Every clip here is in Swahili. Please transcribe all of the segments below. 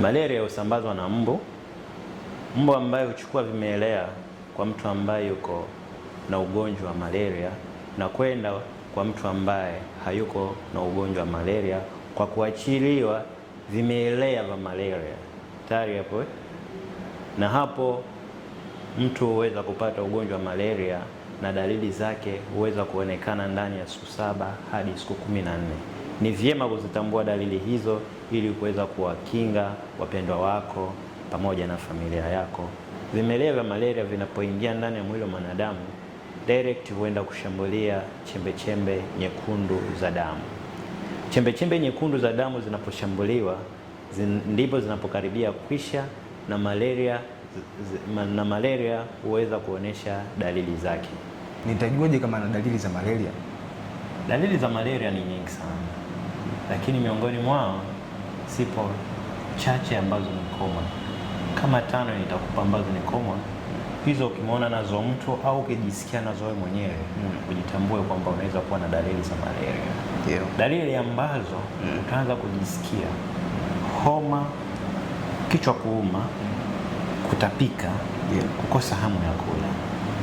Malaria husambazwa na mbu, mbu ambaye huchukua vimelea kwa mtu ambaye yuko na ugonjwa wa malaria na kwenda kwa mtu ambaye hayuko na ugonjwa wa malaria kwa kuachiliwa vimelea vya malaria tayari hapo, eh? na hapo mtu huweza kupata ugonjwa wa malaria na dalili zake huweza kuonekana ndani ya siku saba hadi siku kumi na nne. Ni vyema kuzitambua dalili hizo ili kuweza kuwakinga wapendwa wako pamoja na familia yako. Vimelea vya malaria vinapoingia ndani ya mwili wa mwanadamu direct huenda kushambulia chembechembe chembe nyekundu za damu. Chembechembe nyekundu za damu zinaposhambuliwa zin, ndipo zinapokaribia kwisha na malaria na malaria huweza kuonesha dalili zake. Nitajuaje kama na dalili za malaria? Dalili za malaria ni nyingi sana lakini miongoni mwao sipo chache ambazo ni common, kama tano nitakupa ambazo ni common. Hizo ukimwona nazo mtu au ukijisikia nazo wewe mwenyewe mm. ujitambue kwamba unaweza kuwa na dalili za malaria yeah. dalili ambazo mm. utaanza kujisikia homa, kichwa kuuma, kutapika yeah. kukosa hamu ya kula.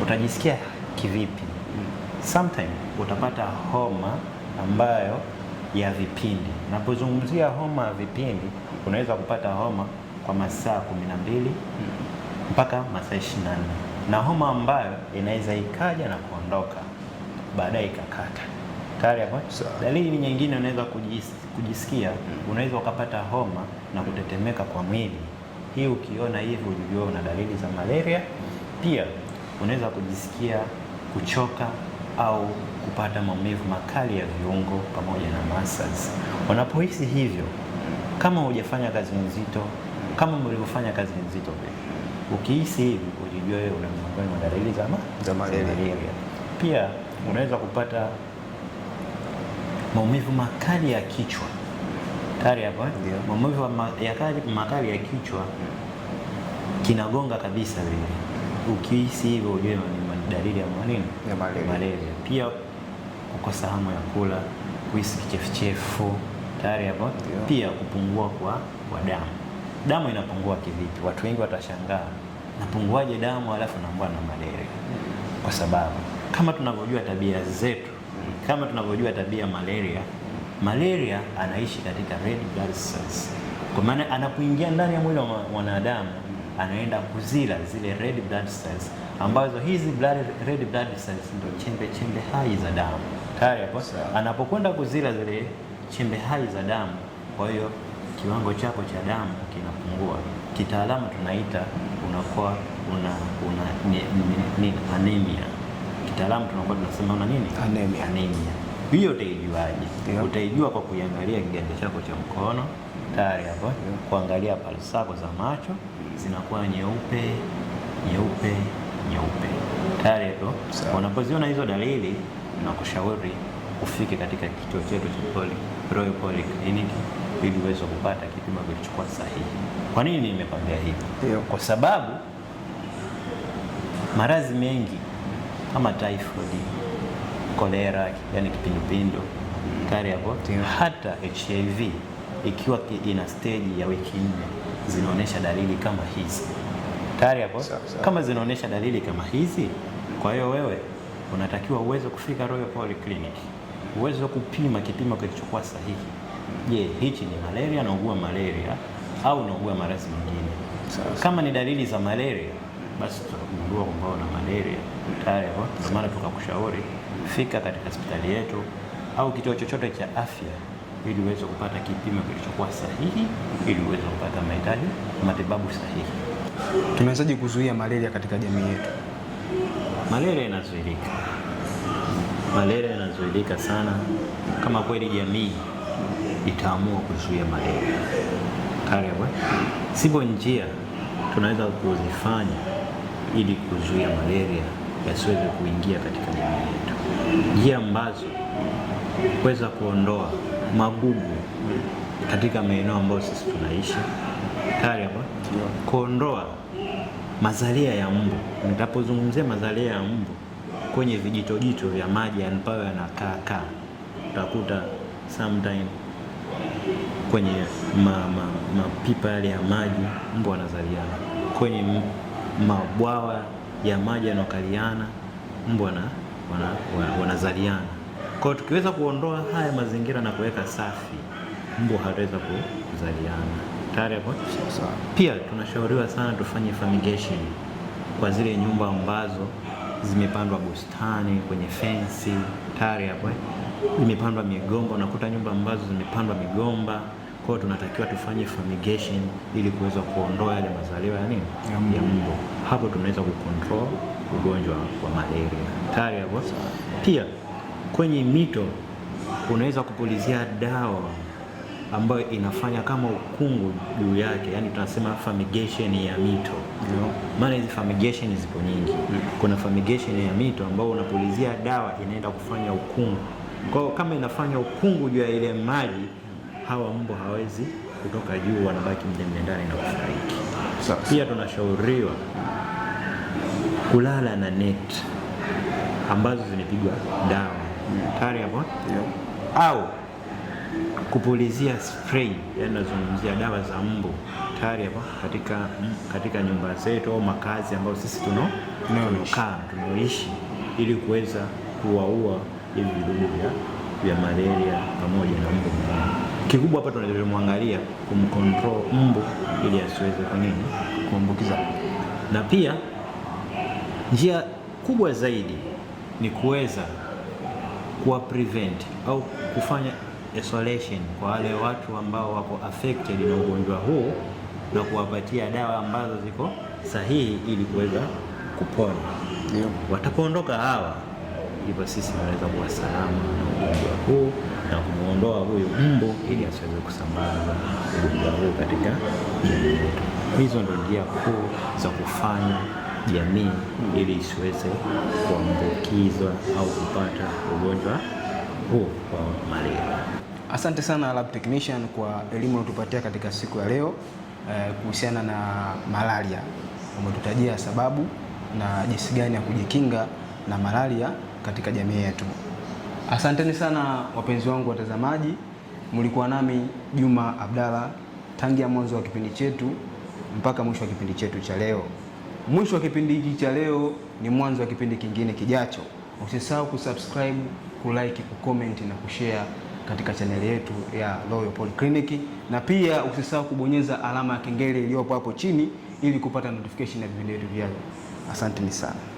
Utajisikia kivipi? mm. sometime utapata homa ambayo ya vipindi. Unapozungumzia homa ya vipindi, unaweza kupata homa kwa masaa kumi na mbili mpaka masaa ishirini na nne na homa ambayo inaweza ikaja na kuondoka baadaye ikakata tayari hapo. Dalili nyingine unaweza kujis, kujisikia mm. unaweza ukapata homa na kutetemeka kwa mwili. Hii ukiona hivi ujue una dalili za malaria. Pia unaweza kujisikia kuchoka au kupata maumivu makali ya viungo pamoja na muscles. Wanapohisi hivyo, kama hujafanya kazi nzito, kama mlivyofanya kazi nzito pia, ukihisi hivi ujijue wewe una miongoni mwa dalili za malaria. Pia unaweza kupata maumivu makali ya kichwa tayari hapo, eh? maumivu makali ya kichwa kinagonga kabisa vile, ukihisi hivyo ujue dalili ya nini? Ya malaria. Malaria. Pia kukosa hamu ya kula, kuhisi kichefuchefu, tayari hapo. Pia kupungua kwa, kwa damu. Damu inapungua kivipi? Watu wengi watashangaa, napunguaje damu alafu naambwa na malaria? Kwa sababu kama tunavyojua tabia zetu, kama tunavyojua tabia malaria, malaria anaishi katika red blood cells, kwa maana anapoingia ndani ya mwili wa mwanadamu anaenda kuzila zile red blood cells ambazo hizi blood, red blood cells ndio chembe chembe hai za damu tayari hapo. Anapokwenda kuzila zile chembe hai za damu, kwa hiyo kiwango chako cha damu kinapungua. Kitaalamu tunaita unakuwa una, una ni, ni, anemia. Kitaalamu tunakuwa tunasema una nini? Anemia. Anemia hiyo utaijuaje? Yeah. Utaijua kwa kuiangalia kiganja chako cha mkono tayari hapo, yeah. Kuangalia pale zako za macho zinakuwa nyeupe nyeupe nyeupe tayari hapo. Unapoziona hizo dalili, nakushauri ufike katika kituo chetu cha Royal Poly Clinic ili uweze kupata kipimo kilichokuwa sahihi. Kwa nini nimekwambia hivyo? Kwa sababu maradhi mengi kama typhoid, kolera, yani kipindupindu tayari hapo, hata HIV ikiwa ina stage ya wiki nne zinaonyesha dalili kama hizi tafakari hapo, kama zinaonyesha dalili kama hizi. Kwa hiyo wewe unatakiwa uweze kufika Royal Polyclinic, uweze kupima kipimo kilichokuwa sahihi. Je, hichi ni malaria, naugua malaria au naugua maradhi mengine? Kama ni dalili za malaria, basi tutagundua kwamba una malaria tayari hapo. Ndio maana tukakushauri fika katika hospitali yetu au kituo chochote cha afya ili uweze kupata kipimo kilichokuwa sahihi ili uweze kupata mahitaji matibabu sahihi. Tunawezaje kuzuia malaria katika jamii yetu? Malaria inazuilika, malaria inazuilika sana kama kweli jamii itaamua kuzuia malaria. karibu. sipo njia tunaweza kuzifanya ili kuzuia malaria yasiweze kuingia katika jamii yetu, njia ambazo kuweza kuondoa magugu katika maeneo ambayo sisi tunaishi tayari hapa kuondoa mazalia ya mbu. Nitapozungumzia mazalia ya mbu kwenye vijitojito vya maji ambayo yanakaakaa utakuta sometime kwenye mapipa ma, ma yale ya maji mbu wanazaliana, kwenye mabwawa ya maji yanaokaliana mbu wanazaliana wana, wana kwa hiyo tukiweza kuondoa haya mazingira na kuweka safi, mbu hataweza kuzaliana. Tayari hapo? Pia tunashauriwa sana tufanye fumigation kwa zile nyumba ambazo zimepandwa bustani kwenye fensi, tayari hapo imepandwa migomba, unakuta nyumba ambazo zimepandwa migomba. Kwa hiyo tunatakiwa tufanye fumigation ili kuweza kuondoa yale mazalio ya nini, ya mbu. Hapo tunaweza kucontrol ugonjwa wa malaria, tayari hapo. Pia kwenye mito unaweza kupulizia dawa ambayo inafanya kama ukungu juu yake, yani tunasema fumigation ya mito no. Maana hizi fumigation zipo nyingi mm. Kuna fumigation ya mito ambayo unapulizia dawa inaenda kufanya ukungu. Kwa kama inafanya ukungu juu ya ile maji, hawa mbu hawezi kutoka juu, wanabaki mle ndani na kufariki. Pia tunashauriwa kulala na net ambazo zimepigwa dawa yeah. yeah. au kupulizia spray, yani nazungumzia dawa za mbu tayari hapa katika, hmm, katika nyumba zetu au makazi ambayo sisi tunaokaa tunaoishi ili kuweza kuwaua hivi vidudu vya malaria pamoja na mbu. Kikubwa hapa tunamwangalia kumcontrol mbu ili asiweze kwa nini kuambukiza, na pia njia kubwa zaidi ni kuweza kuwa prevent au kufanya isolation kwa wale watu ambao wako affected na ugonjwa huu na kuwapatia dawa ambazo ziko sahihi ili kuweza kupona. Yeah. Watapoondoka hawa, ndipo sisi tunaweza kuwa salama na ugonjwa huu na kumuondoa huyu mbu ili asiweze kusambaza ugonjwa huu katika jamii yetu. Hizo ndio njia kuu za kufanya jamii ili isiweze kuambukizwa au kupata ugonjwa huu wa malaria. Asante sana lab technician kwa elimu unayotupatia katika siku ya leo eh, kuhusiana na malaria. Umetutajia sababu na jinsi gani ya kujikinga na malaria katika jamii yetu. Asanteni sana wapenzi wangu watazamaji, mlikuwa nami Juma Abdalla tangia mwanzo wa kipindi chetu mpaka mwisho wa kipindi chetu cha leo. Mwisho wa kipindi hiki cha leo ni mwanzo wa kipindi kingine kijacho. Usisahau kusubscribe, kulike, kucomment na kushare katika chaneli yetu ya Royal Polyclinic, na pia usisahau kubonyeza alama ya kengele iliyopo hapo chini ili kupata notification ya vipindi vyetu vijavyo. Asanteni sana.